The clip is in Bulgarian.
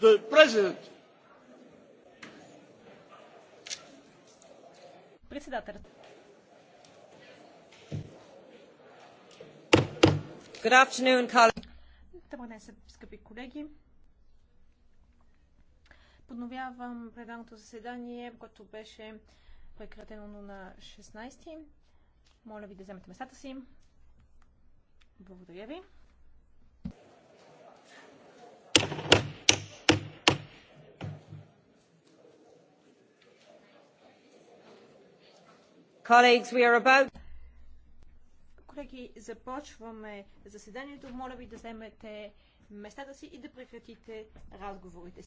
the president. Good afternoon, colleagues. Добър ден, скъпи колеги. Подновявам пленарното заседание, което беше прекратено на 16. Моля ви да вземете местата си. Благодаря ви. Колеги, започваме заседанието. Моля ви да вземете местата си и да прекратите разговорите.